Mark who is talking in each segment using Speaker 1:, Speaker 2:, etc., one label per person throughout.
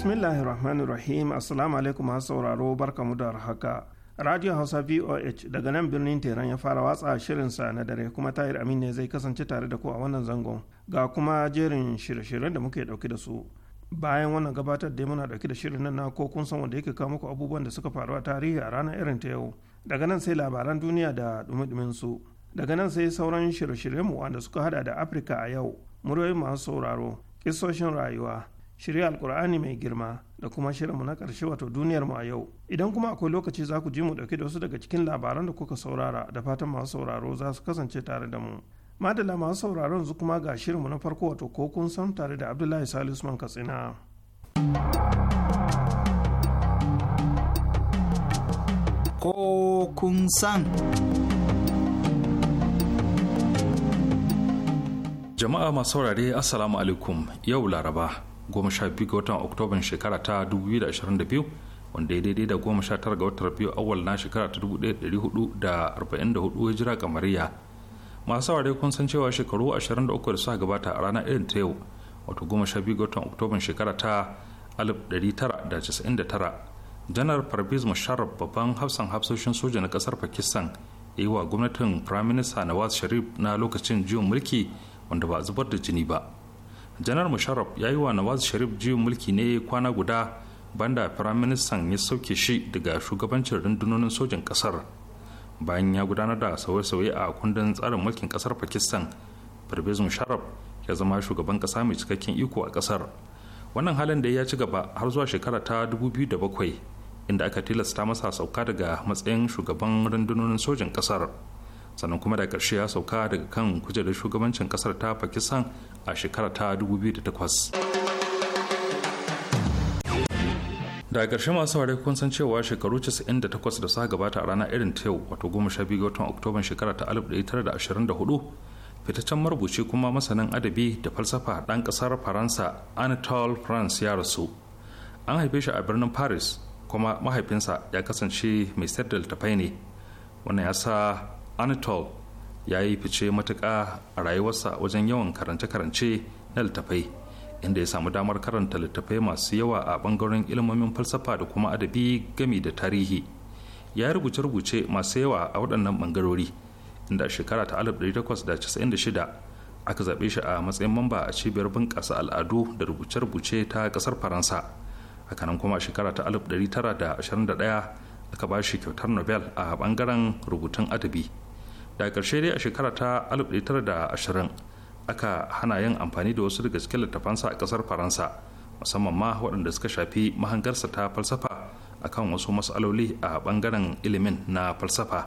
Speaker 1: bismillahir rahmanir rahim assalamu alaikum masu sauraro barka mu da haka radio hausa voh daga nan birnin teran ya fara watsa shirinsa na dare kuma tahir amin ne zai kasance tare da ku a wannan zangon ga kuma jerin shirye-shiryen da muke dauke da su bayan wannan gabatar da muna dauke da shirin nan na ko kun san wanda yake kawo muku abubuwan da suka faru a tarihi a ranar irin ta yau daga nan sai labaran duniya da dumi su daga nan sai sauran shirye-shiryen mu wanda suka hada da afirka a yau muryoyin masu sauraro kisoshin rayuwa shirya alkur'ani mai girma da kuma shirinmu na ƙarshe wato duniyarmu a yau idan kuma akwai lokaci za ku ji mu ɗauke da wasu daga cikin labaran da kuka saurara da fatan masu sauraro za su kasance tare da mu madala masu sauraron su kuma ga shirinmu na farko wato ko kun san tare da abdullahi salisu man katsina
Speaker 2: ko kun san
Speaker 3: jama'a masu saurare assalamu alaikum yau laraba goma sha biyu ga watan oktoban shekara ta 2022 wanda ya daidai da goma sha tara ga watan biyu awal na shekara ta 1444 hijira kamariya masu saurare kun san cewa shekaru 23 da suka gabata a ranar irin ta yau wato goma sha biyu ga watan oktoban shekara ta 1999 janar parviz musharraf babban hafsan hafsoshin soja na kasar pakistan ya yi wa gwamnatin firaminista nawaz sharif na lokacin jiyon mulki wanda ba zubar da jini ba janar musharraf ya yi wa nawaz sharif juyin mulki ne kwana guda banda firaministan ya sauke shi daga shugabancin rundunonin sojin kasar bayan ya gudanar da sauye-sauye a kundin tsarin mulkin kasar pakistan pervez musharraf ya zama shugaban kasa mai cikakken iko a kasar wannan halin da ya ci gaba har zuwa shekara ta 2007 inda aka tilasta masa sauka daga matsayin shugaban rundunonin sojin kasar sannan kuma da ƙarshe ya sauka daga kan kujerar shugabancin kasar ta pakistan a shekara ta 2008 da ƙarshe masu ware kun san cewa shekaru 98 da suka gabata a ranar irin ta yau wato 12 ga watan oktoban shekara ta 1924 fitaccen marubuci kuma masanin adabi da falsafa ɗan kasar faransa anatole france ya rasu an haife shi a birnin paris kuma mahaifinsa ya kasance mai sayar da littafai ne wannan ya sa anatol ya yi fice matuƙa a rayuwarsa wajen yawan karance-karance na littattafai inda ya samu damar karanta littattafai masu yawa a ɓangaren ilmomin falsafa da kuma adabi gami da tarihi ya rubuce-rubuce masu yawa a waɗannan bangarori inda shekara ta 1896 aka zaɓe shi a matsayin mamba a cibiyar bunƙasa al'adu da rubuce-rubuce ta ƙasar faransa hakanan kuma shekara ta 1921 aka ba shi kyautar nobel a bangaren rubutun adabi da karshe dai a shekara ta 1920 aka hana yin amfani da wasu daga cikin littafansa a ƙasar faransa musamman ma waɗanda suka shafi mahangarsa ta falsafa akan wasu matsaloli a ɓangaren ilimin na falsafa.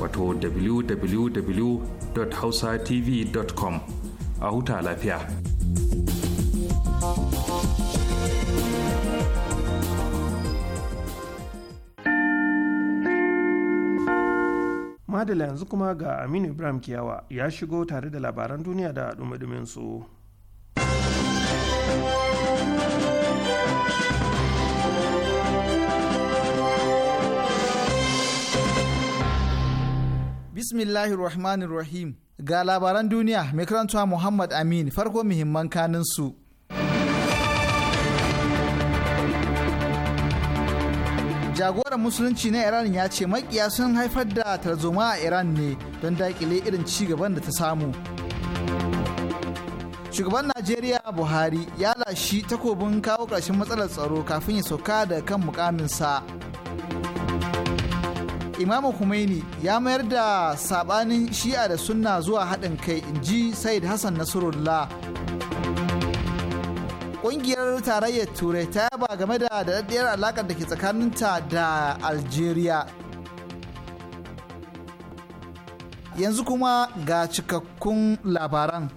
Speaker 3: wato www.hausatv.com a huta lafiya.
Speaker 1: Madala yanzu kuma ga Aminu Ibrahim Kiyawa ya shigo tare da labaran duniya da dumi su.
Speaker 2: bismillahirrahmanirrahim Ga labaran duniya mai karantuwa Muhammad Amin farko muhimman kanin su. Jagoran Musulunci na Iran ya ce makiya sun haifar da tarzoma a Iran ne don daƙile irin ci gaban da ta samu. Shugaban Najeriya Buhari ya lashi takobin kawo ƙarshen matsalar tsaro kafin ya sauka daga kan mukaminsa. imamu Khomeini ya mayar da sabanin shi'a da sunna zuwa haɗin kai inji said hassan nasrullah ƙungiyar tarayyar turai ta yaba game da daɗaɗɗiyar alaƙar da ke tsakaninta da algeria yanzu kuma ga cikakkun labaran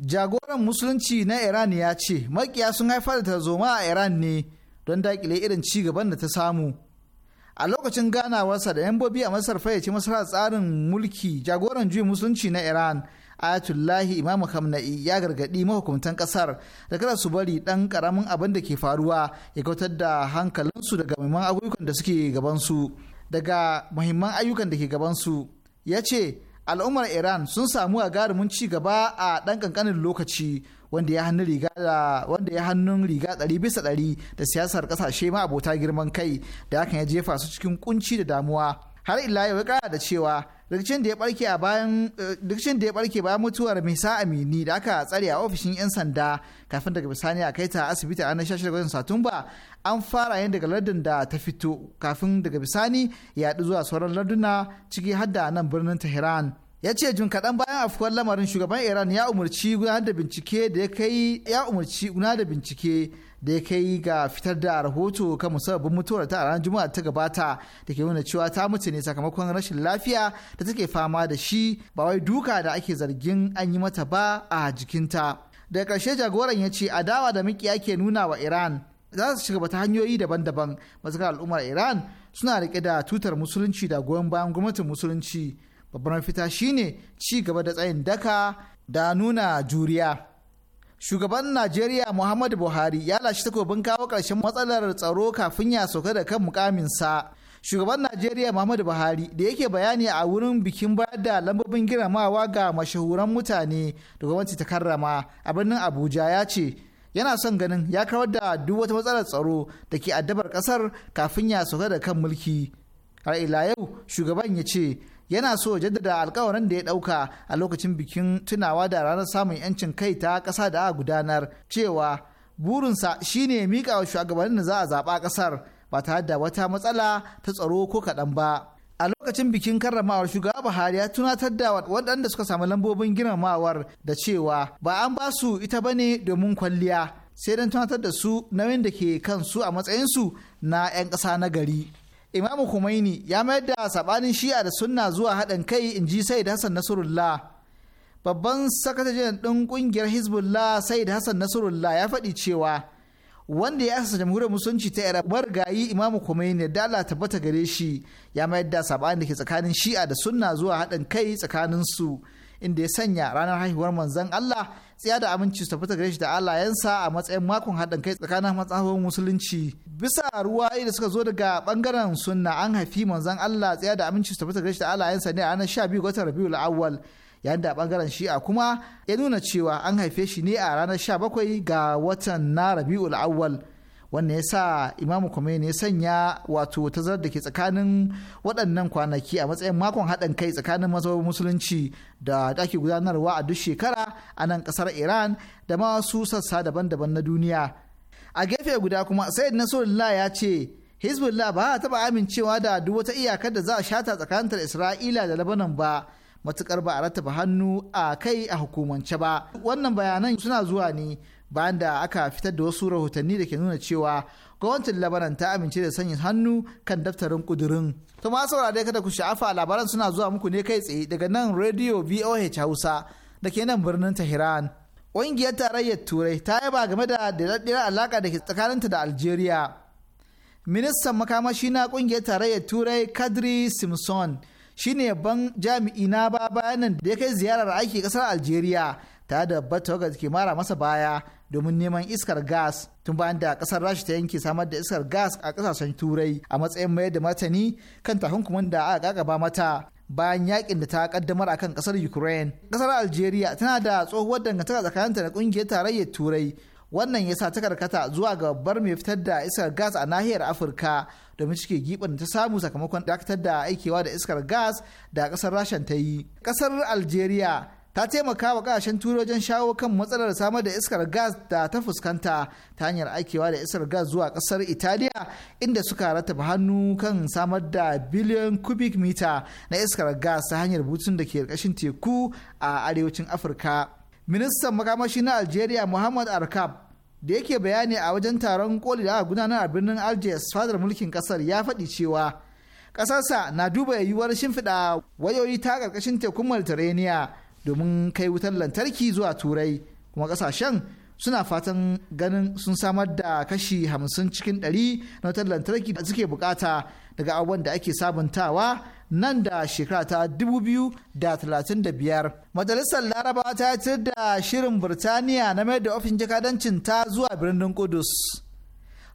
Speaker 2: jagoran musulunci na iran ya ce makiya sun haifar da tarzoma a iran ne don dakile irin ci gaban da ta samu a lokacin ganawarsa da yambobi a masar fayyace masarar tsarin mulki jagoran juyin musulunci na iran ayatullahi imam hamna'i ya gargadi mahukuntan kasar da kada su bari dan karamin abin da ke faruwa ya kautar da hankalinsu daga muhimman ayyukan da suke gabansu daga muhimman ayyukan da ke gabansu ya ce al'ummar iran sun samu garumin ci gaba a ɗan ƙanƙanin lokaci wanda ya hannun riga da wanda bisa ɗari da siyasar kasashe ma abota girman kai da hakan ya jefa su cikin kunci da damuwa har ila yau ya ƙara da cewa rikicin da ya barke bayan eh, rikicin da ya mutuwar Misa Amini da aka tsare a ofishin yan sanda kafin daga bisani a kai ta asibiti a ranar 16 Satumba an fara yin daga lardin da ta fito kafin daga bisani ya zuwa sauran larduna ciki har da nan birnin Tehran ya ce jin kaɗan bayan afkuwar lamarin shugaban iran ya umarci gudanar da bincike da ya kai ya umarci gudanar da bincike da ya kai ga fitar da rahoto kan musabbabin mutuwar ta a ranar juma'a ta gabata da ke nuna cewa ta mutu ne sakamakon rashin lafiya da take fama da shi ba wai duka da ake zargin an yi mata ba a jikinta daga karshe jagoran ya ce adawa da mikiya ke nuna wa iran za su shiga ta hanyoyi daban-daban masu al'ummar iran suna riƙe da tutar musulunci da goyon bayan gwamnatin musulunci babbar fita shine ci gaba da tsayin daka da nuna juriya shugaban najeriya muhammadu buhari ya lashe takobin kawo ƙarshen matsalar tsaro kafin ya sauka da kan mukaminsa shugaban najeriya muhammadu buhari da yake bayani a wurin bikin bayar da lambobin girmamawa ga mashahuran mutane da gwamnati ta karrama a birnin abuja ya ce yana son ganin ya kawar da duk wata matsalar tsaro da ke addabar kasar kafin ya sauka da kan mulki har ila yau shugaban ya ce yana so jaddada alkawarin da ya dauka a lokacin bikin tunawa da ranar samun yancin kai ta kasa da a gudanar cewa burinsa shine mika wa shugabannin da za a zaba kasar ba tare da wata matsala ta tsaro ko kaɗan ba a lokacin bikin karramawar shugaba buhari ya tunatar da waɗanda suka samu lambobin girmamawar da cewa ba an ba su ita bane domin kwalliya sai don tunatar da su nauyin da ke kansu a matsayinsu na 'yan ƙasa na gari. imamu Khomeini ya mayar da sabanin shi'a da sunna zuwa haɗin kai in ji said hassan nasrullah babban sakataren ɗin ƙungiyar hezbollah da hassan nasrullah ya faɗi cewa wanda ya asasa jamhuriyar musulunci ta iraq margayi imamu Khomeini da dala tabbata gare shi ya mayar da sabanin da ke tsakanin shi'a da sunna zuwa haɗin kai tsakanin su inda ya sanya ranar haihuwar manzan Allah tsaya da aminci su tafi gare shi da alayensa a matsayin makon haɗin kai tsakanin matsahon musulunci bisa ruwa da suka zo daga bangaren sunna an haifi manzan Allah tsaya da aminci su tafi gare shi da alayensa ne a ranar 12 ga Rabiul Awwal yayin da bangaren shi'a kuma ya nuna cewa an haife shi ne a ranar 17 ga watan na Rabiul Awwal wanda ya sa imamu Khomeini ya sanya wato tazarar da ke tsakanin waɗannan kwanaki a matsayin makon haɗin kai tsakanin masarar musulunci da ake gudanarwa a duk shekara a nan ƙasar iran da masu sassa daban-daban na duniya a gefe guda kuma sayyid nasarullah ya ce hezbollah ba a taɓa amincewa da duk wata iyakar da za a shata tsakanin isra'ila da labanan ba matukar ba a rattaba hannu a kai a hukumance ba wannan bayanan suna zuwa ne bayan da aka fitar da wasu rahotanni da ke nuna cewa gwamnatin labaran ta amince da sanya hannu kan daftarin kudurin. To ma saurare kada ku sha'afa labaran suna zuwa muku ne kai tsaye daga nan radio VOH Hausa da ke nan birnin Tehran. Ƙungiyar tarayyar Turai ta yaba game da daɗaɗɗiyar alaƙa da ke tsakaninta da Algeria. Ministan makamashi na ƙungiyar tarayyar Turai Kadri Simpson shine ban jami'i na ba bayanan da ya kai ziyarar aiki ƙasar Algeria tare da babbar tawagar ke mara masa baya domin neman iskar gas tun bayan da kasar rasha ta yanke samar da iskar gas a kasashen turai a matsayin mayar da matani kan takunkumin da aka gagaba mata bayan yakin da ta kaddamar akan kasar ukraine kasar algeria tana da tsohuwar dangantaka tsakaninta da kungiyar tarayyar turai wannan ya sa takarkata zuwa ga babbar mai fitar da iskar gas a nahiyar afirka domin cike giɓin da ta samu sakamakon dakatar da aikewa da iskar gas da kasar rasha ta yi kasar algeria ta taimaka wa kasashen turai wajen shawo kan matsalar samar da iskar gas da ta fuskanta ta hanyar aikewa da iskar gas zuwa kasar italiya inda suka rataba hannu kan samar da biliyan cubic mita na iskar gas ta hanyar butun da ke ƙarƙashin teku a arewacin afirka ministan makamashi na algeria muhammad arkab da yake bayani a wajen taron koli da aka gudanar a birnin algiers fadar mulkin kasar ya faɗi cewa ƙasarsa na duba yiwuwar shimfiɗa wayoyi ta ƙarƙashin tekun mediterranean domin kai wutar lantarki zuwa turai kuma kasashen suna fatan ganin sun samar da kashi hamsin cikin ɗari na wutar lantarki da suke bukata daga abubuwan da ake sabuntawa nan da shekara ta biyar. Majalisar Laraba ta yi da shirin Birtaniya na mayar da ofishin jakadancin ta zuwa birnin Kudus.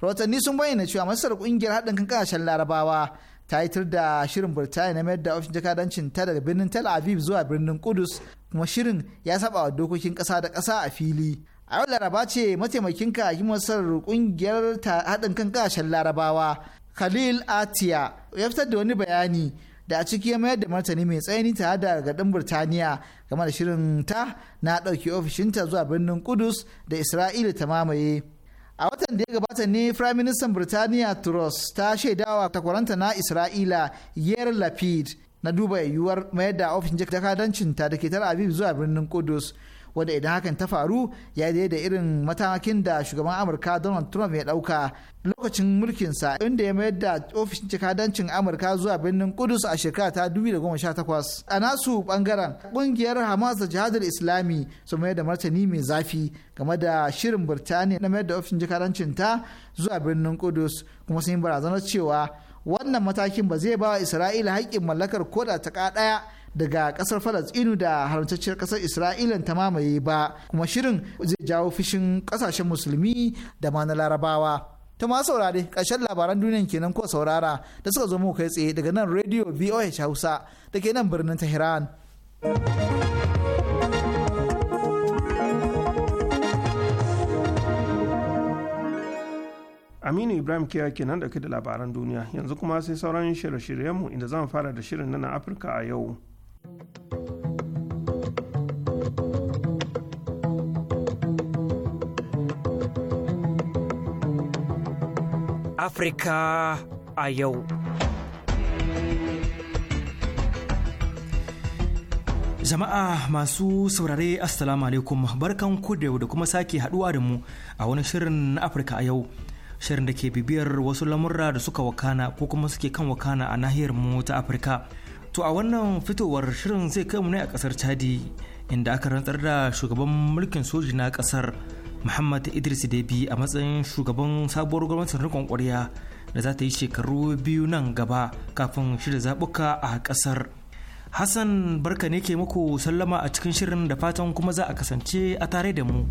Speaker 2: Rahotanni sun bayyana cewa masar kungiyar haɗin kan ƙasashen Larabawa ta yi tur da shirin burtaniya na mayar da ofishin jakadancin ta daga birnin Tel Aviv zuwa birnin Kudus kuma shirin ya saba dokokin ƙasa da ƙasa a fili. A yau Laraba ce mataimakin kakin masar kungiyar haɗin kan ƙasashen Larabawa Khalil Atiya ya fitar da wani bayani da a ciki ya mayar da martani mai tsayini tare da ɗan burtaniya game da shirin ta na ɗauki ofishinta zuwa birnin Kudus da Isra'ila ta mamaye. a watan da ya gabata ne prime minister birtaniya truss ta shaidawa takwaranta na isra'ila yer lapid na duba yiwuwar mayar da ofishin jakadancinta da ke tara abib zuwa birnin kudus wanda idan hakan ta faru ya yi da irin matakin da shugaban amurka donald trump ya dauka lokacin mulkinsa inda ya mayar da ofishin cikadancin amurka zuwa birnin kudus a shekara ta 2018 a nasu bangaren kungiyar hamas da jihadar islami su mayar da martani mai zafi game da shirin birtaniya na mayar da ofishin jikadancin ta zuwa birnin kudus kuma sun yi barazanar cewa wannan matakin ba zai ba wa isra'ila haƙƙin mallakar koda ta ɗaya daga kasar falasɗinu da haramtacciyar kasar isra'ila ta mamaye ba kuma shirin zai jawo fishin kasashen musulmi da ma na larabawa ta ma saurare ƙarshen labaran duniyan kenan ko saurara da suka zo mu kai tsaye daga nan radio voh hausa da ke nan birnin tehran
Speaker 1: Aminu Ibrahim Kiya kenan da da labaran duniya yanzu kuma sai sauran shirye-shiryenmu inda zan fara da shirin na Afirka a yau.
Speaker 4: Afirka a yau. Jama'a masu saurare Assalamu alaikum barkan ku da da kuma sake haduwa da mu a wani shirin na Afirka a yau. Shirin da ke bibiyar wasu lamurra da suka wakana ko kuma suke kan wakana a nahiyar mu ta Afirka. To a wannan fitowar shirin zai kai mu ne a kasar Chadi inda aka rantsar da shugaban mulkin soji na kasar Muhammad Idris Debi a matsayin shugaban sabuwar gwamnatin rikon kwarya da za ta yi shekaru biyu nan gaba kafin shirya zaɓuka a kasar. Hassan barka ne ke muku sallama a cikin shirin da fatan kuma za a kasance a tare da mu.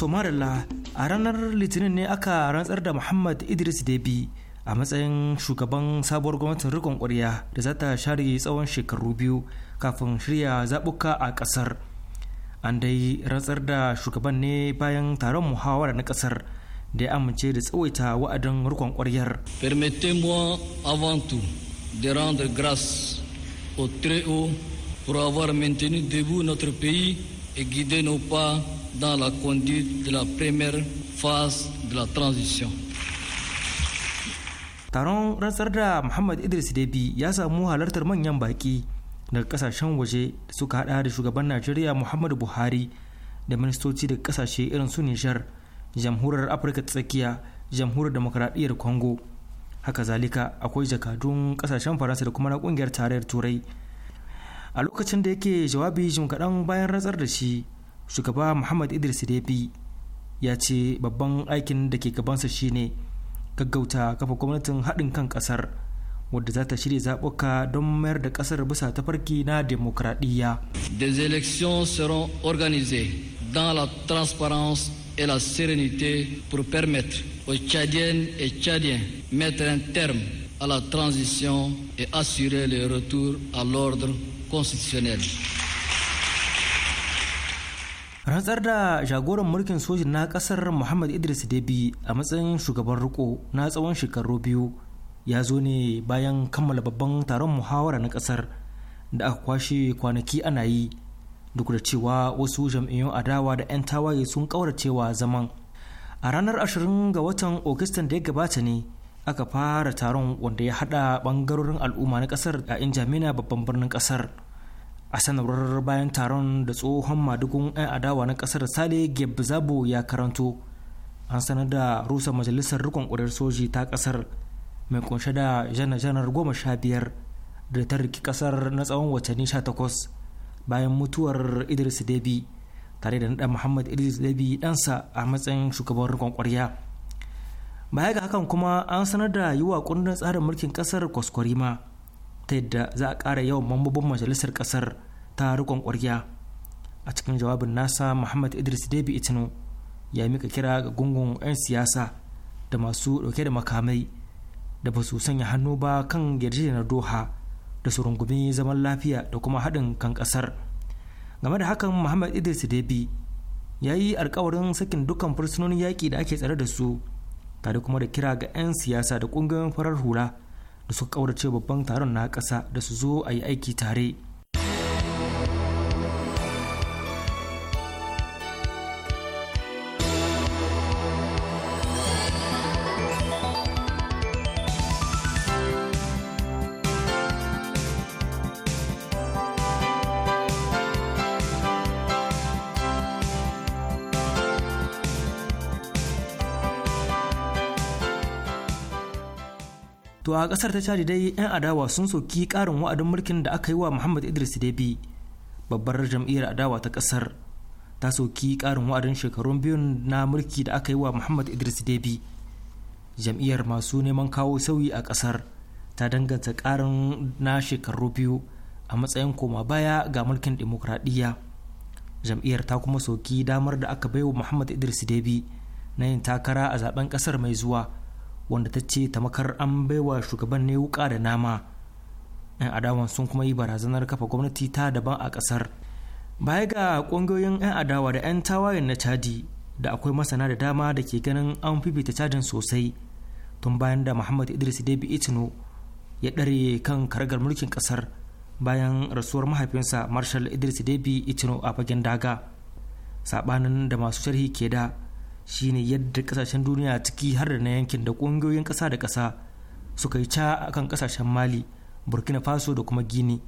Speaker 4: to marilla a ranar litinin ne aka rantsar da muhammad idris debi a matsayin shugaban sabuwar gwamnatin rikon kwarya da za ta share tsawon shekaru biyu kafin shirya zaɓuka a ƙasar an dai rantsar da shugaban ne bayan taron muhawara na ƙasar da ya amince da tsawaita wa'adin rikon kwaryar
Speaker 5: permettez-moi avant tout de rendre grâce au très haut pour avoir maintenu debout notre pays et guider nos pas dans la conduite de la première phase de la transition.
Speaker 4: Taron rantsar da Muhammad Idris Debi ya samu halartar manyan baki daga kasashen waje da suka hada da shugaban Najeriya Muhammadu Buhari da ministoci daga kasashe irin su Nijar, jamhurar Afirka ta Tsakiya, jamhurar Demokradiyyar Congo. Haka zalika akwai jakadun kasashen Faransa da kuma na kungiyar tarayyar Turai. A lokacin da yake jawabi jim kaɗan bayan ratsar da shi, shugaba muhammad idris debi ya ce babban aikin da ke gabansa shine gaggauta kafa gwamnatin haɗin kan ƙasar wadda za ta shirya zaɓuka don mayar da ƙasar bisa tafarki na demokradiyya.
Speaker 5: des élections seront organisées dans la transparence et la sérénité pour permettre aux Tchadiennes et Tchadiens mettre un terme à la transition et assurer le retour à l'ordre constitutionnel.
Speaker 4: rantsar da jagoran mulkin sojin na kasar muhammad idris debi a matsayin shugaban riko na tsawon shekaru biyu ya zo ne bayan kammala babban taron muhawara na kasar da aka kwashe kwanaki ana yi duk da cewa wasu jam'iyyun adawa da 'yan tawaye sun kauracewa zaman a ranar 20 ga watan ogusta da ya gabata ne aka fara taron wanda ya hada bangarorin al'umma na kasar a injamina babban birnin kasar a sanarwar bayan taron da tsohon madugun 'yan adawa na kasar sale zabo ya karanto an sanar da rusa majalisar rikon ƙurar soji ta kasar mai kunshe da janar goma sha biyar da ta riki kasar na tsawon watanni sha takwas bayan mutuwar idris debi tare da naɗa muhammad idris debi ɗansa a matsayin shugaban rikon kwarya baya ga hakan kuma an sanar da yi wa kundin tsarin mulkin kasar kwaskwarima ta yadda za a ƙara yawan mambobin majalisar ƙasar ta rikon ƙwarya a cikin jawabin nasa muhammad idris debi itinu ya mika kira ga gungun 'yan siyasa da masu ɗauke da makamai da ba su sanya hannu ba kan na doha da su rungumi zaman lafiya da kuma haɗin kan ƙasar game da hakan muhammad idris debi ya yi alkawarin sakin dukkan fursunonin yaƙi da ake tsare da su tare kuma da kira ga 'yan siyasa da ƙungiyoyin farar hula da suka kaurace babban taron na ƙasa da su zo a yi aiki tare to a kasar ta cadi dai 'yan adawa sun soki karin wa'adin mulkin da aka yi wa muhammad idris debi babbar jam'iyyar adawa ta kasar ta soki karin wa'adin shekarun biyun na mulki da aka yi wa muhammad idris debi jam'iyyar masu neman kawo sauyi a kasar ta danganta karin na shekaru biyu a matsayin koma baya ga mulkin dimokuraɗiyya jam'iyyar ta kuma soki damar da aka baiwa muhammad idris debi na yin takara a zaben kasar mai zuwa wanda ta ce tamakar an baiwa shugaban ne wuka da nama yan adawan sun kuma yi barazanar kafa gwamnati ta daban a kasar baya ga ƙungiyoyin yan adawa da yan tawayen na chadi da akwai masana da dama da ke ganin an fifita chadin sosai tun bayan da muhammad idris debi itino ya dare kan karagar mulkin kasar bayan rasuwar mahaifinsa marshal idris debi itino a fagen daga sabanin da masu sharhi ke da shine yadda kasashen duniya ciki har da na yankin da ƙungiyoyin ƙasa da ƙasa suka yi ca akan kasashen mali burkina faso da kuma gini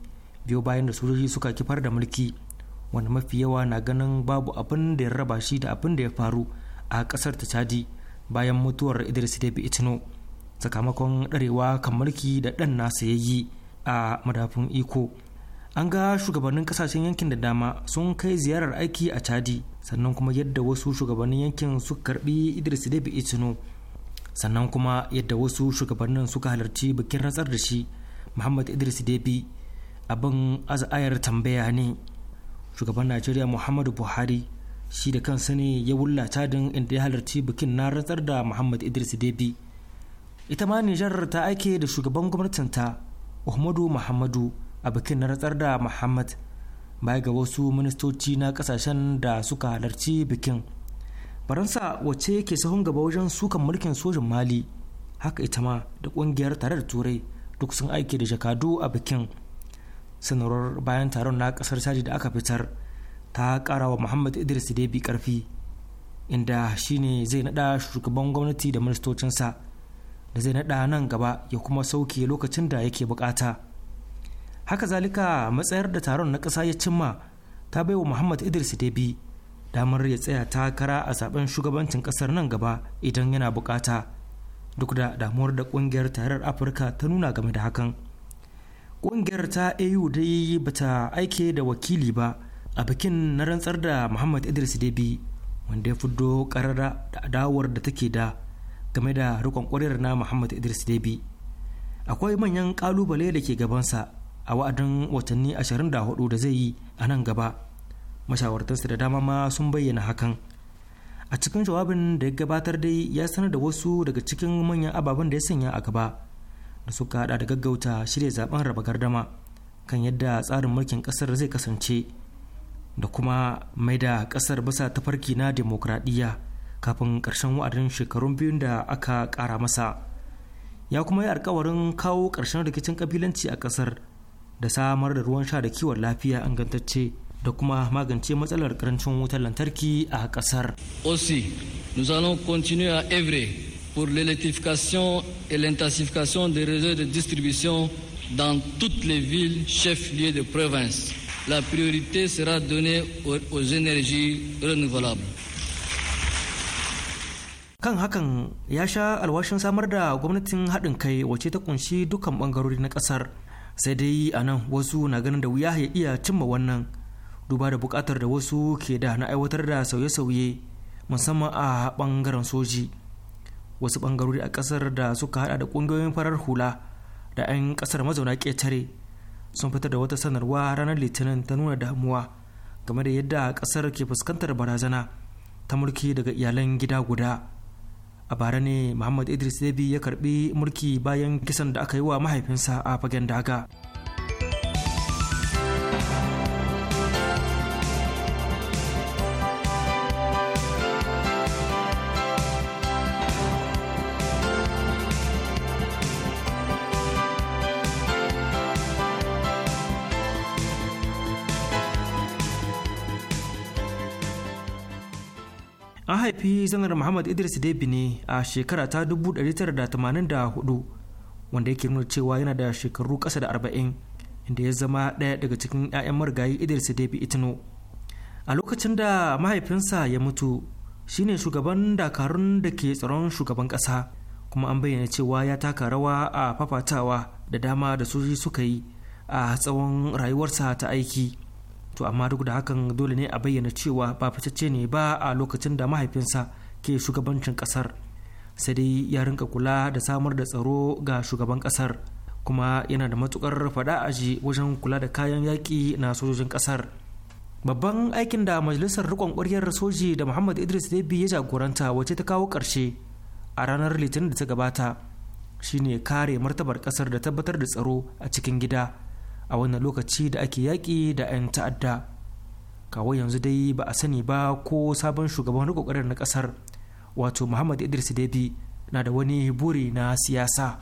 Speaker 4: biyo bayan da sojoji suka kifar da mulki wanda mafi yawa na ganin babu abin da ya raba shi da abin da ya faru a ƙasar ta chadi bayan mutuwar idris debi itino sakamakon ɗarewa kan mulki da ɗan nasa ya a madafin iko an ga shugabannin kasashen yankin da dama sun kai ziyarar aiki a chadi sannan kuma yadda wasu shugabannin yankin suka karbi idris debi itino sannan kuma yadda wasu shugabannin suka halarci bikin ratsar da shi muhammad idris debi abin aza'ayar tambaya ne shugaban najeriya muhammadu buhari shi da kansa ne ya wulla cadin inda ya halarci bikin na rantsar da muhammad idris debi ita ma nijar ta aike da shugaban gwamnatinta ohmadu muhammadu a bikin na ratsar da muhammad baya ga wasu ministoci na kasashen da suka halarci bikin faransa wacce ke sahun gaba wajen sukan mulkin sojin mali haka ita ma da kungiyar tare da turai duk sun aiki da jakadu a bikin sanarwar bayan taron na kasar caji da aka fitar ta kara wa muhammad idris debi karfi inda shine zai nada shugaban gwamnati da ministocinsa da zai nada nan gaba ya kuma sauke lokacin da yake bukata. haka zalika matsayar da taron na ƙasa ya cimma ta bai wa muhammad idris debi damar ya tsaya takara a zaben shugabancin ƙasar nan gaba idan yana bukata duk da damuwar da ƙungiyar tarar afirka ta nuna game da hakan ƙungiyar ta au dai bata aike da wakili ba a bikin na rantsar da muhammad idris debi wanda ya fiddo karara da adawar da take da game da rikon ƙwarar na muhammad idris debi akwai manyan ƙalubale da ke gabansa a wa'adin watanni 24 da zai yi a nan gaba mashawartarsa da dama ma sun bayyana hakan a cikin jawabin da ya gabatar dai ya sanar da wasu daga cikin manyan ababen da ya sanya a gaba da suka hada da gaggauta shirya zaben raba gardama kan yadda tsarin mulkin kasar zai kasance da kuma mai da kasar ta farki na demokradiyya kafin karshen wa'adin shekarun biyun da aka kara masa ya kuma yi alkawarin kawo karshen rikicin kabilanci a kasar da samar da ruwan sha da kiwon lafiya ingantacce da kuma magance matsalar karancin wutar lantarki a kasar.
Speaker 5: Aussi, nous allons continuer à œuvrer pour l'électrification et l'intensification des réseaux de distribution dans toutes les villes chefs-lieux de province. La priorité sera donnée aux, énergies renouvelables.
Speaker 4: kan hakan ya sha alwashin samar da gwamnatin haɗin kai wacce ta kunshi dukkan ɓangarori na ƙasar sai dai a nan wasu na ganin da wuya ya iya cimma wannan duba da bukatar da wasu ke da na aiwatar da sauye-sauye musamman a bangaren soji wasu bangarori a kasar da suka hada da kungiyoyin farar hula da 'yan kasar mazauna ketare sun fitar da wata sanarwa ranar litinin ta nuna damuwa game da yadda kasar ke fuskantar barazana ta mulki daga iyalan gida guda a bara ne muhammad idris debi ya karbi mulki bayan kisan da aka yi wa mahaifinsa a fagen daga haifi zanar muhammad idris debi ne a shekara ta 1984 wanda yake nuna cewa yana da shekaru kasa da 40 inda ya zama ɗaya daga cikin 'ya'yan marigayi idris debi itino a lokacin da mahaifinsa ya mutu shine shugaban dakarun da ke tsaron shugaban ƙasa kuma an bayyana cewa ya taka rawa a fafatawa da dama da suka yi a tsawon rayuwarsa ta aiki to amma duk da hakan dole ne a bayyana cewa ba fitacce ne ba a lokacin da mahaifinsa ke shugabancin kasar sai dai ya rinka kula da samar da tsaro ga shugaban kasar kuma yana da matukar fada a ji wajen kula da kayan yaƙi na sojojin kasar babban aikin da majalisar rikon ƙwaryar soji da muhammad idris debi ya jagoranta wace ta kawo ƙarshe a ranar litinin da ta gabata shine kare martabar kasar da tabbatar da tsaro a cikin gida a wannan lokaci da ake yaƙi da 'yan ta'adda kawai yanzu dai ba a sani ba ko sabon shugaban riko na ƙasar wato muhammad idris debi na da wani buri na siyasa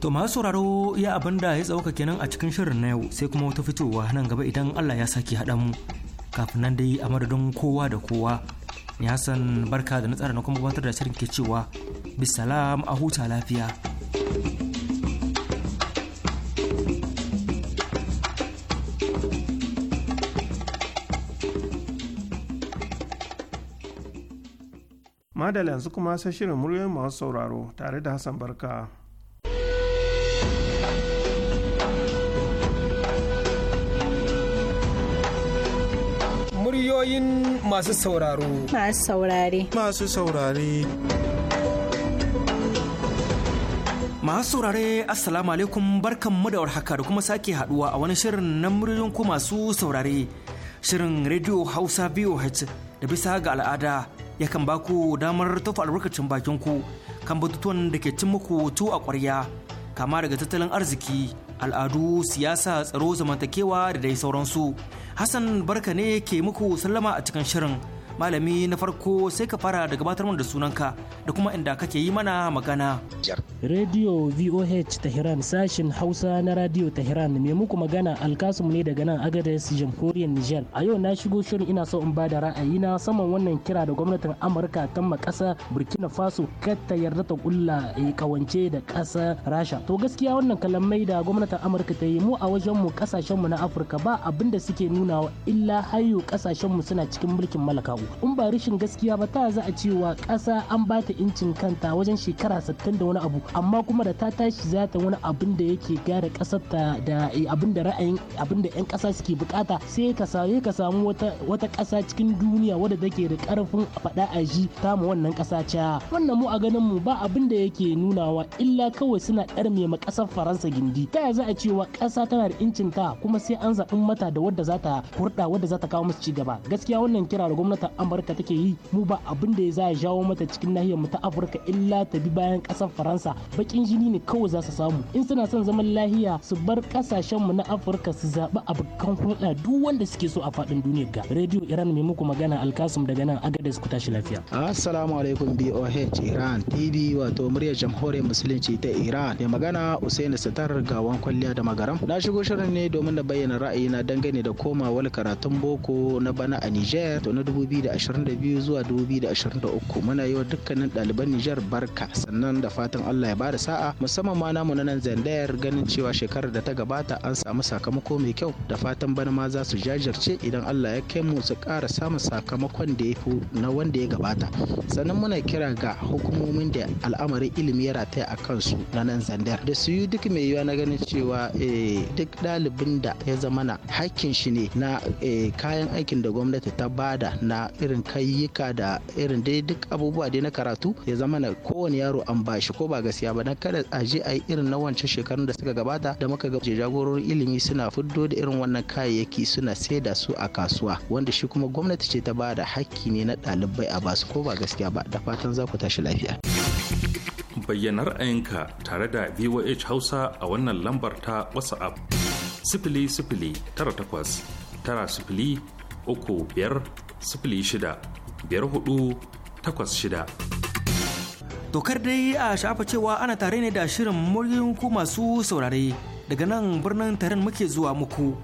Speaker 4: To masu sauraro ya abin da ya tsauka kenan a cikin shirin na yau sai kuma wata fitowa nan gaba idan Allah ya sake haɗa mu kafin nan dai a madadin kowa da kowa ni hassan barka da nutsar na kuma gabatar da shirin ke cewa bisalam a huta lafiya
Speaker 1: madala yanzu kuma sai shirin muryoyin masu sauraro tare da hassan barka
Speaker 6: muryoyin masu sauraro.
Speaker 7: Masu saurare.
Speaker 8: Masu saurare.
Speaker 4: Masu saurare Assalamu alaikum barkanmu da warhaka da kuma sake haduwa a wani shirin na muryoyin ku masu saurare. Shirin Radio Hausa VOH da bisa ga al'ada yakan ku damar tafi albarkacin bakin ku kan batutuwan da ke cin muku tu a ƙwarya kama daga tattalin arziki, al'adu, siyasa, tsaro, zamantakewa da dai sauransu. Hassan barka ne ke muku sallama a cikin shirin malami na farko sai ka fara da gabatar mana da sunanka da kuma inda kake yi mana magana.
Speaker 9: Radio VOH Tehran sashin Hausa na Radio Tehran mai muku magana alkasum ne daga nan Agadez Jamhuriyar Nijar. A yau na shigo shirin ina so in ba bada ra'ayina saman wannan kira da gwamnatin Amurka ta makasa Burkina Faso kar yarda ta kulla kawance eh, da ƙasa Rasha. To gaskiya wannan kalamai da gwamnatin Amurka ta yi mu a wajen mu kasashen mu na Afirka ba abin da suke nunawa illa hayo kasashen mu suna cikin mulkin malakau. in ba rashin gaskiya ba ta za a cewa ƙasa an ba ta incin kanta wajen shekara sattin da wani abu amma kuma da ta tashi za ta wani abin da yake gyara ƙasar ta da eh, abin da ra'ayin abin da 'yan ƙasa suke bukata sai ka sai ka samu wata wata ƙasa cikin duniya wadda take da ƙarfin faɗa a ji ta mu wannan ƙasa ca wannan mu a ganin mu ba abin da yake nunawa illa kawai suna ɗarme ma ƙasar faransa gindi ta za a cewa ƙasa tana da incin ta kuma sai an zaɓin mata da wadda za ta kurɗa wadda za ta kawo musu ci gaba gaskiya wannan kira da gwamnatin amurka take yi mu ba abin da za ya jawo mata cikin nahiyar mu ta afirka illa ta bi bayan kasar faransa bakin jini ne kawai za su samu in suna son zaman lahiya su bar kasashen mu na afirka su zaɓi abokan hulɗa duk wanda suke so a faɗin duniya ga rediyo iran mai muku magana alkasum daga nan agadez ku tashi lafiya
Speaker 10: assalamu alaikum boh iran tv wato muryar jamhuriyar musulunci ta iran mai magana usaini sitar gawan kwalliya da magaram na shigo shirin ne domin na bayyana ra'ayina dangane da komawar karatun boko na bana a niger to na dubu biyu 2022 zuwa 2023 muna yi wa dukkanin ɗaliban Nijar barka sannan da fatan Allah ya bada sa'a musamman ma namu na nan zandayar ganin cewa shekarar da ta gabata an samu sakamako mai kyau da fatan bana ma za su jajirce idan Allah ya kai mu su ƙara samun sakamakon da ya fi na wanda ya gabata sannan muna kira ga hukumomin da al'amarin ilimi ya rataya a kansu na nan zandar da su yi duk mai yiwa na ganin cewa eh, duk ɗalibin da ya zamana hakkin shi ne na eh, kayan aikin da gwamnati ta bada na irin kayyuka da irin dai duk abubuwa dai na karatu ya zama na kowane yaro an bashi ko ba gaskiya ba dan kada a je a yi irin na wancan shekarun da suka gabata da muka ga jagororin ilimi suna fiddo da irin wannan kayayyaki suna saida su a kasuwa wanda shi kuma gwamnati ce ta da hakki ne na ɗalibai a basu ko ba gaskiya ba da fatan za ku tashi
Speaker 3: lafiya. bayyana ra'ayinka tare da voh hausa a wannan lambar ta whatsapp sifili sifili tara takwas tara sifili uku biyar shida.
Speaker 4: Dokar dai a shafa cewa ana tare ne da shirin muryin masu saurare daga nan birnin taron muke zuwa muku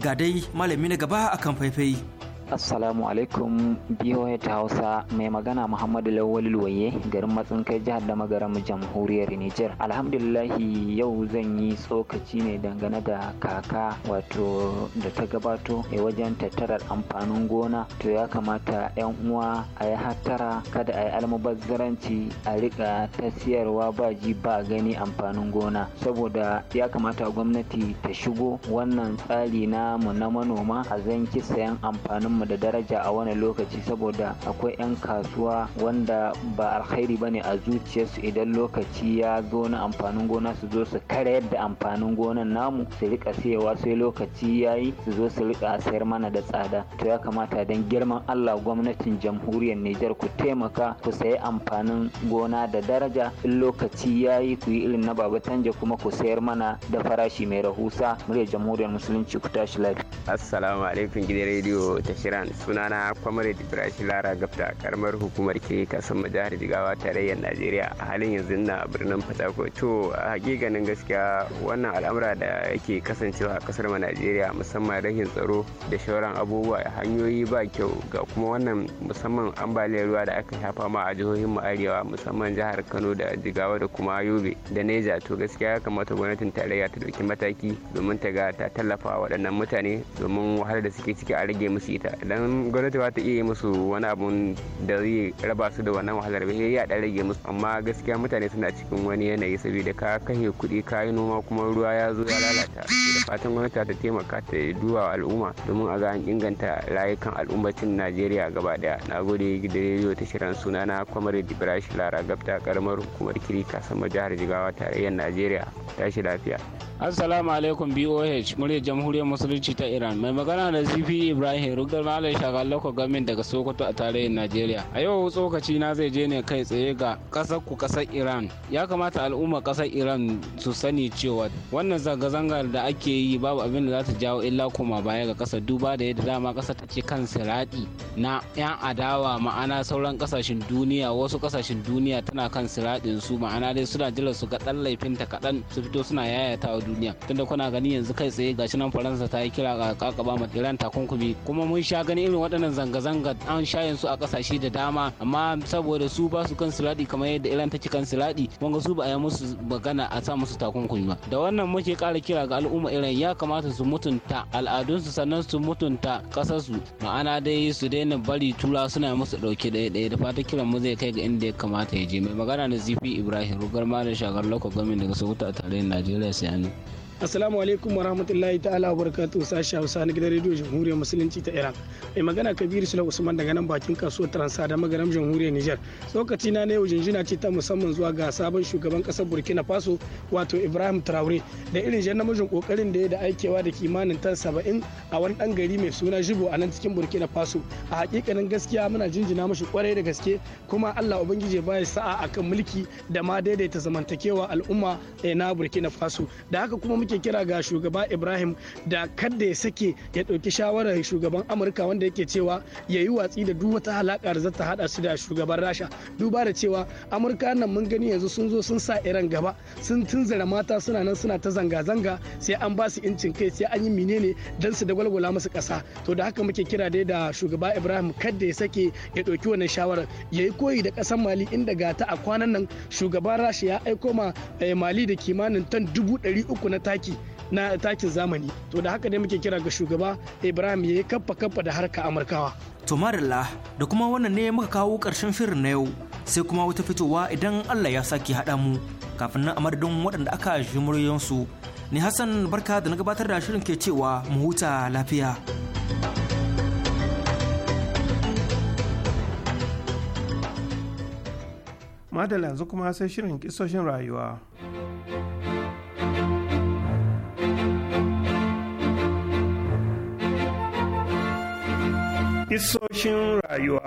Speaker 4: ga dai malami na gaba akan faifai.
Speaker 11: Assalamu alaikum BOA ta Hausa mai magana Muhammadu Lawal waye garin matsin kai jihar da magaram jamhuriyar Nijar. Alhamdulillahi yau zan yi tsokaci ne dangane da kaka wato da ta gabato a wajen tattarar amfanin gona to ya kamata 'yan uwa a yi hattara kada a yi almubazzaranci a riƙa ta siyarwa ba ji ba gani amfanin gona saboda ya kamata gwamnati ta shigo wannan tsari na mu na manoma a zanki sayan amfanin mu da daraja a wani lokaci saboda akwai 'yan kasuwa wanda ba alkhairi ba ne a zuciyarsu idan lokaci ya zo na amfanin gona su zo su kare yadda amfanin gonan namu su rika sayewa sai lokaci ya yi su zo su rika sayar mana da tsada to ya kamata don girman allah gwamnatin jamhuriyar nijar ku taimaka ku sayi amfanin gona da daraja in lokaci ya yi ku yi irin na baba tanja kuma ku sayar mana da farashi mai rahusa muryar jamhuriyar musulunci ku tashi lafiya
Speaker 12: assalamu alaikum gidan rediyo ta kiran sunana Comrade Ibrahim Lara Gafta karamar hukumar ke kasan jihar Jigawa tarayyar Najeriya a halin yanzu na birnin Fatako to a hakikanin gaskiya wannan al'amura da yake kasancewa a kasar Najeriya musamman rashin tsaro da shauran abubuwa hanyoyi ba kyau ga kuma wannan musamman ambaliyar ruwa da aka shafa ma a jihohin mu arewa musamman jihar Kano da Jigawa da kuma Yobe da Neja to gaskiya ya kamata gwamnatin tarayya ta dauki mataki domin ta ga ta tallafa waɗannan mutane domin wahalar da suke ciki a rage musu ita idan gwamnati ba ta iya musu wani abun da zai raba su da wannan wahalar ba ya dan rage musu amma gaskiya mutane suna cikin wani yanayi saboda ka kashe kuɗi ka yi noma kuma ruwa ya zo ya lalata da fatan gwamnati ta taimaka ta duba al'umma domin a ga an inganta rayukan al'ummacin najeriya gaba daya nagode da rediyo ta shirin suna na kwamar lara gabta karamar hukumar kiri kasamar jihar jigawa tarayyar najeriya tashi lafiya
Speaker 13: assalamu alaikum boh muryar jamhuriyar musulunci ta iran mai magana da zifi ibrahim rugar malam Alai Shagal gamin daga Sokoto a tarayyar Najeriya. A yau tsokaci na zai je ne kai tsaye ga kasar ku kasar Iran. Ya kamata al'ummar kasar Iran su sani cewa wannan zanga-zangar da ake yi babu abin da za ta jawo illa kuma baya ga kasar duba da yadda dama kasar ta ce kan siradi na 'yan adawa ma'ana sauran kasashen duniya wasu kasashen duniya tana kan siradin su ma'ana dai suna jiran su ga laifin ta kaɗan su fito suna yayata a duniya tunda kuna gani yanzu kai tsaye gashi nan faransa ta yi kira ga kakaba ma iran takunkumi kuma mun sha sha gani irin waɗannan zanga-zanga an shayin su a ƙasashe da dama amma saboda su ba su kan siladi kamar yadda iran take kan siladi wanga su ba a yi musu magana a sa musu takunkumi ba da wannan muke kara kira ga al'umma iran ya kamata su mutunta al'adunsu sannan su mutunta ƙasarsu ma'ana dai su daina bari tura suna musu ɗauke ɗaya ɗaya da fata kiran mu zai kai ga inda ya kamata ya je mai magana na zifi ibrahim rugar malam shagar lokacin gwamnati daga sokoto a tarayyar najeriya sai
Speaker 6: Assalamu alaikum wa rahmatullahi ta'ala wa barakatuhu sashi Hausa na gidan rediyo Jamhuriyar Musulunci ta Iran. Mai magana Kabiru Sula Usman daga nan bakin kasuwar Transa da magaram Jamhuriyar Nijar. Lokaci na yau jinjina ce ta musamman zuwa ga sabon shugaban kasar Burkina Faso wato Ibrahim Traore da irin jan namijin kokarin da ya da aikewa da kimanin tan saba'in a wani dan gari mai suna Jibo a nan cikin Burkina Faso. A hakikanin gaskiya muna jinjina mashi kwarai da gaske kuma Allah ubangiji ba sa'a akan mulki da ma daidaita zamantakewa al'umma eh, na Burkina Faso. Da haka kuma muke kira ga shugaba ibrahim da kadda ya sake ya ɗauki shawarar shugaban amurka wanda yake cewa ya yi watsi da duk wata halakar da zata hada su da shugaban rasha duba da cewa amurka nan mun gani yanzu sun zo sun sa iran gaba sun tunzura mata suna nan suna ta zanga-zanga sai an ba su incin kai sai an yi menene dan su da gwalgwala musu kasa, to da haka muke kira dai da shugaba ibrahim kadda ya sake ya ɗauki wannan shawarar ya yi koyi da ƙasar mali inda ga ta a kwanan nan shugaban rasha ya aiko ma eh, mali da kimanin tan dubu ɗari uku na taki na takin zamani to da haka ne muke kira ga shugaba ibrahim ya yi kaffa kaffa da harka amurkawa
Speaker 4: to marilla da kuma wannan ne muka kawo karshen shirin na yau sai kuma wata fitowa idan allah ya sake haɗa mu kafin nan a madadin waɗanda aka ji muryoyinsu ni hassan barka da na gabatar da shirin ke cewa mu huta lafiya
Speaker 1: madalla yanzu kuma sai shirin kisoshin rayuwa Isoshin rayuwa.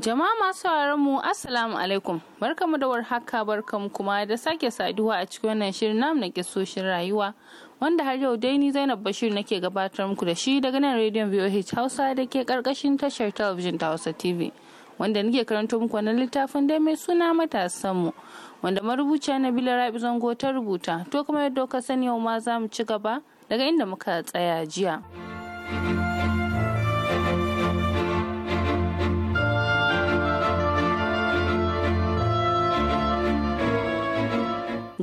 Speaker 7: Jama'a masu mu Assalamu alaikum barkamu da warhaka barkamu kuma da sake saduwa a cikin wannan shirin namu na kisoshin rayuwa wanda har yau dai ni Zainab Bashir nake gabatar muku da shi daga nan rediyon VOH Hausa da ke karkashin tashar talabijin ta Hausa TV. wanda nake karanto muku wannan littafin dai mai suna matasanmu wanda marubuciya na Rabi Zango ta rubuta to kuma yadda ka sani yau ma za mu ci gaba daga inda muka tsaya jiya.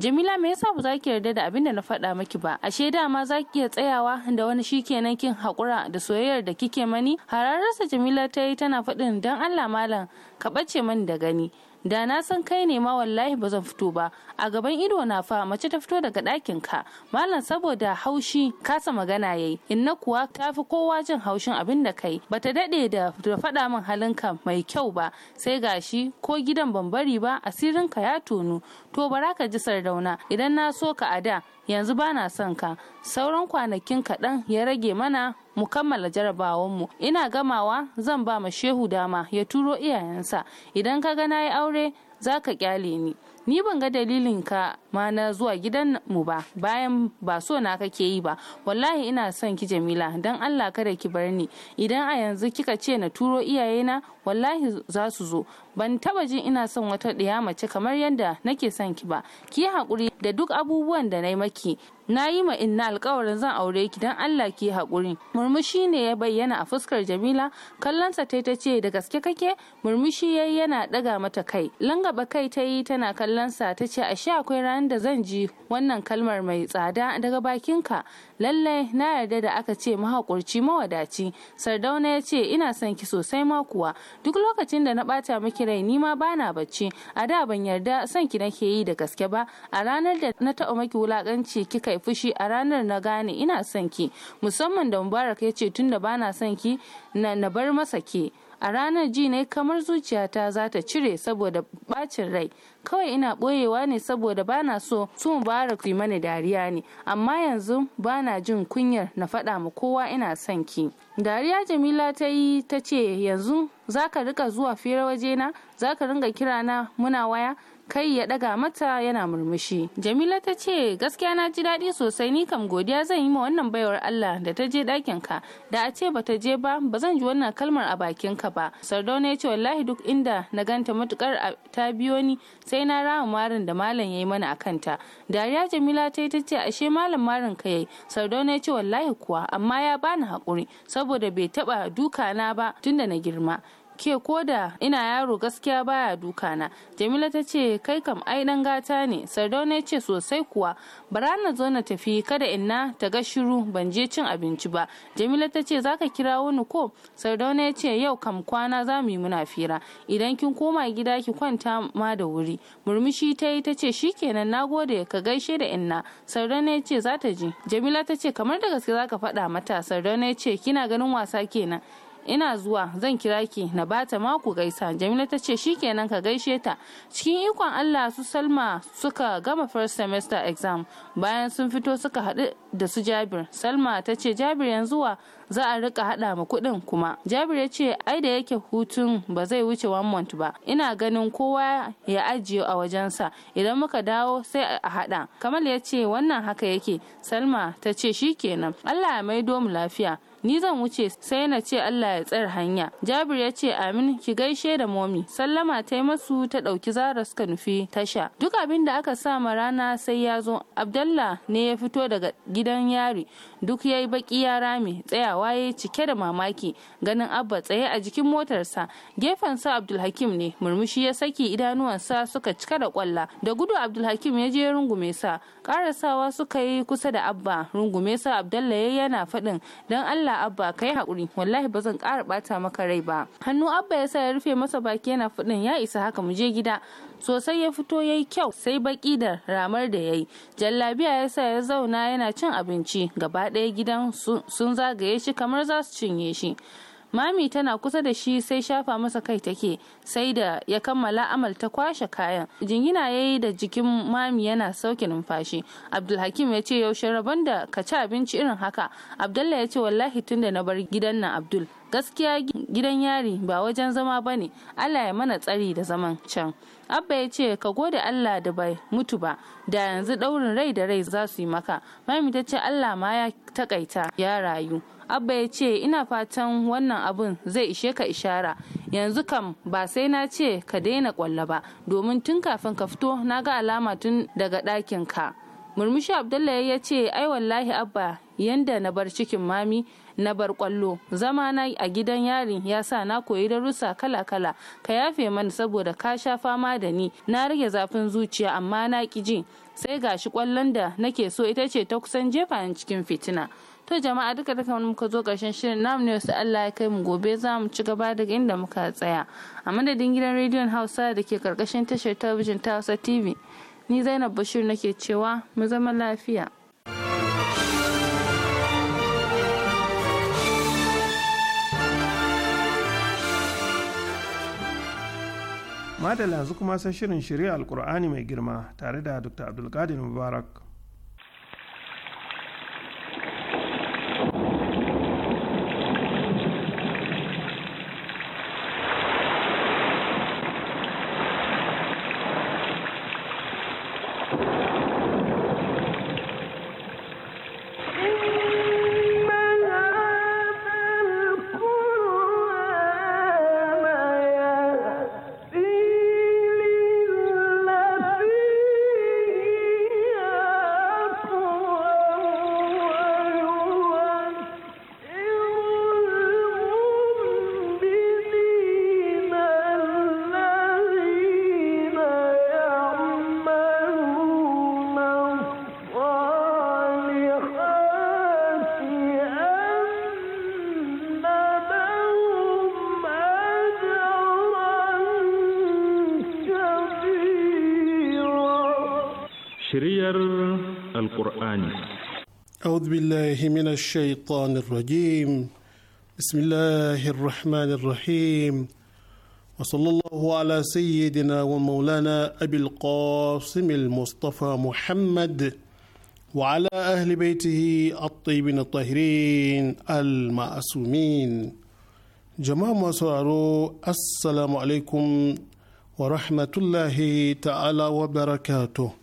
Speaker 7: Jamila me yasa ba za ki yarda da abin da na faɗa miki ba? Ashe ma za ki iya tsayawa da wani shi kenan kin haƙura da soyayyar da kike mani? Hararsa Jamila ta yi tana faɗin don Allah malam ka ɓace mani da gani. da na san kai ne ma wallahi ba zan fito ba a gaban ido na fa mace ta fito daga ɗakin ka malam saboda haushi kasa magana yayi inna kuwa ta fi kowa jin haushin abin da kai bata daɗe da faɗa min halin ka mai kyau ba sai gashi ko gidan ban bari ba asirin ka ya tonu to bara ka ji sardauna idan na so ka a da yanzu bana son ka sauran kwanakin kaɗan ya rage mana mu kammala mu ina gamawa zan ba ma shehu dama ya turo iyayensa idan ka ga na yi aure za ka kyale ni ni ban ga dalilin ka ma na zuwa gidan mu ba bayan ba so na kake yi ba wallahi ina son ki jamila dan allah kada ki bar ni idan a yanzu kika ce na turo iyayena wallahi za su zo ban taba jin ina son wata ɗiya mace kamar yadda nake son ki ba ki yi haƙuri da duk abubuwan da na yi maki na yi ma inna alƙawarin zan aure ki don Allah ki yi haƙuri murmushi ne ya bayyana a fuskar Jamila kallonsa ta ta ce da gaske kake murmushi yayi yana ɗaga mata kai langaba kai ta yi tana sa ta ce ashe akwai ranar da zan ji wannan kalmar mai tsada daga bakinka lallai na yarda da aka ce mahaƙurci mawadaci sardauna ya ce ina son ki sosai ma kuwa duk lokacin da na ɓata miki ki rai ni bana bacci a da ban yarda son ki nake yi da gaske ba a ranar da na taɓa maki wulakanci ki yi fushi a ranar na gane ina son ki musamman da mubarak ya ce tunda bana son ki na bar masa ke a ranar ji ne kamar zuciyata za ta cire saboda bacin rai kawai ina boyewa ne saboda bana so su mubarak yi mani dariya ne amma yanzu bana jin kunyar na faɗa ma kowa ina son ki dariya jamila ta yi ta ce yanzu za ka rika zuwa fira wajena za ka ringa kirana muna waya kai ya daga mata yana murmushi jamila ta ce gaskiya na ji daɗi sosai ni kam godiya zan yi ma wannan baiwar allah da ta je ɗakin ka da a ce bata je ba ba zan ji wannan kalmar a bakin ka ba sardauna ya ce wallahi duk inda na ganta matukar ta biyo ni sai na rama marin da malam ya yi mana a kanta dariya jamila ta yi ta ce ashe malam marin ka yayi sardauna ya ce wallahi kuwa amma ya bani haƙuri saboda bai taɓa duka na ba tunda na girma ke koda ina yaro gaskiya baya duka na jamila ta ce kai kam ai dan gata ne sardauna ce sosai kuwa bara na zo na tafi kada inna ta ga shiru ban je cin abinci ba jamila ta ce zaka kira wani ko sardauna ce yau kam kwana za mu yi muna fira idan kin koma gida ki kwanta ma da wuri murmushi ta yi ta ce shikenan na gode ka gaishe da inna sardauna ce za ta ji jamila ta ce kamar da gaske zaka faɗa mata sardauna ce kina ganin wasa kenan ina zuwa zan kira ki na bata maku gaisa jamila ta ce kenan ka gaishe ta cikin ikon allah su salma suka gama first semester exam bayan sun fito suka haɗu da su jabir salma ta ce jabir yanzu wa za a rika haɗa ma kuɗin kuma jabir ya ce ai da yake hutun ba zai wuce one month ba ina ganin kowa ya ajiye a wajensa idan muka dawo sai a haɗa kamal ya ce wannan haka yake salma ta ce kenan allah ya maido mu lafiya ni zan wuce sai na ce Allah ya tsare hanya Jabir ya ce amin ki gaishe da momi sallama ta yi masu ta ɗauki zarar suka nufi tasha duk abin da aka sa ma rana sai ya zo Abdallah ne ya fito daga gidan yari duk ya yi baki ya rame tsayawa ya cike da mamaki ganin abba tsaye a jikin motarsa gefen gefensa abdulhakim ne murmushi ya saki idanuwansa suka cika da kwalla da gudu abdulhakim ya je rungume sa karasawa suka yi kusa da abba rungume sa abdalla ya yana faɗin don allah abba ka yi hakuri wallahi ba zan ƙara ɓata maka rai ba hannu abba ya sa ya rufe masa baki yana faɗin ya isa haka mu je gida sosai ya fito ya yi kyau sai baki da ramar da ya yi jallabiya ya sa ya zauna yana cin abinci gaba ɗaya gidan sun zagaye shi kamar za su cinye shi mami tana kusa da shi sai shafa masa kai take sai da ya kammala amal ta kwashe kayan jingina ya yi da jikin mami yana sauke numfashi abdulhakim ya ce yaushe rabon da ka ci abinci irin haka abdullah ya ce wallahi tun da na bar gidan nan abdul gaskiya gidan yari ba wajen zama bane allah ya mana tsari da zaman can abba ya ce ka gode allah da bai mutu ba da yanzu daurin rai da rai za su yi maka mami ta ce allah ma ya takaita ya rayu abba ya ce ina fatan wannan abun zai ishe ka ishara yanzu kam ba sai na ce ka daina kwalla ba domin tun kafin ka fito na ga alama tun daga ɗakin ka murmushi abdullahi ya ce ai wallahi abba yanda na bar cikin mami na bar kwallo zama na a gidan yarin ya sa na koyi darussa kala-kala ka yafe mani saboda ka sha fama da ni na rage zafin zuciya amma na ki ji sai gashi kwallon da nake so ita ce ta kusan jefa ni cikin fitina to jama'a duka duka muka zo karshen shirin namu ne wasu Allah ya kai mu gobe za mu ci gaba daga inda muka tsaya a madadin gidan rediyon Hausa da ke karkashin tashar talabijin ta Hausa TV ni Zainab Bashir nake cewa mu zama lafiya
Speaker 1: madalla yanzu kuma sun shirin shirya alkur'ani mai girma tare da dr abdulkadir mubarak
Speaker 3: شرير القرآن أعوذ
Speaker 8: بالله من الشيطان الرجيم بسم الله الرحمن الرحيم وصلى الله على سيدنا ومولانا أبي القاسم المصطفى محمد وعلى أهل بيته الطيبين الطاهرين المعصومين جماعة مسوارو السلام عليكم ورحمة الله تعالى وبركاته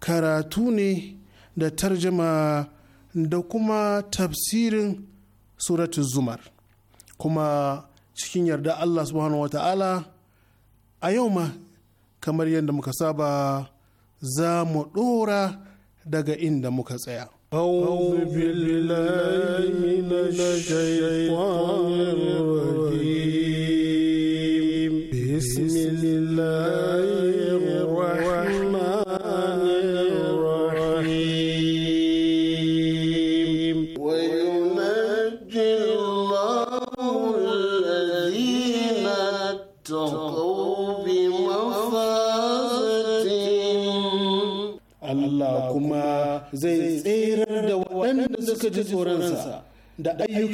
Speaker 8: karatu ne da tarjama da kuma tafsirin suratu zumar kuma cikin yarda Allah subhanahu wata'ala a yau ma kamar yadda muka saba za mu ɗora daga inda muka tsaya. da you.